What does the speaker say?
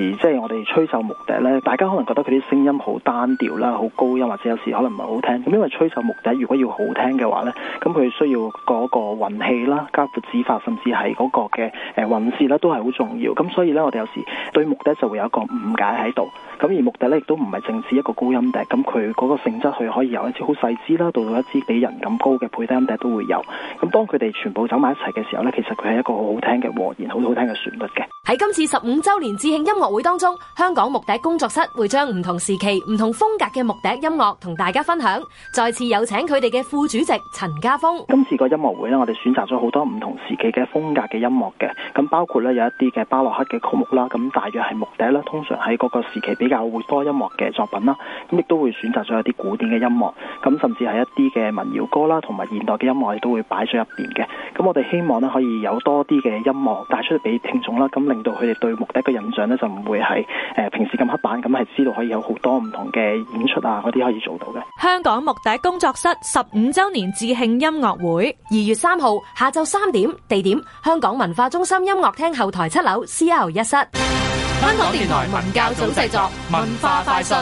即係我哋吹奏木笛呢，大家可能覺得佢啲聲音好單調啦，好高音或者有時可能唔係好聽。咁因為吹奏木笛，如果要好聽嘅話呢，咁佢需要嗰個運氣啦，包括指法，甚至係嗰個嘅誒韻節啦，都係好重要。咁所以呢，我哋有時對木笛就會有一個誤解喺度。咁而木笛咧亦都唔係淨止一個高音笛，咁佢嗰個性質佢可以由一支好細支啦，到到一支比人咁高嘅配低音笛都會有。咁當佢哋全部走埋一齊嘅時候呢，其實佢係一個好好聽嘅和弦，好好聽嘅旋律嘅。喺今次十五週年致慶音樂會當中，香港木笛工作室會將唔同時期、唔同風格嘅木笛音樂同大家分享。再次有請佢哋嘅副主席陳家峰。今次個音樂會呢，我哋選擇咗好多唔同時期嘅風格嘅音樂嘅，咁包括呢有一啲嘅巴洛克嘅曲目啦，咁大約係木笛啦，通常喺嗰個時期，比較會多音樂嘅作品啦，咁亦都會選擇咗一啲古典嘅音樂，咁甚至係一啲嘅民謠歌啦，同埋現代嘅音樂亦都會擺咗入邊嘅。咁我哋希望可以有多啲嘅音樂帶出嚟俾聽眾啦，咁令到佢哋對木笛嘅印象呢，就唔會係誒平時咁刻板，咁係知道可以有好多唔同嘅演出啊，嗰啲可以做到嘅。香港木笛工作室十五周年致慶音樂會，二月三號下晝三點，地點香港文化中心音樂廳後台七樓 CL 一室。香港電台文教組製作，文化快訊。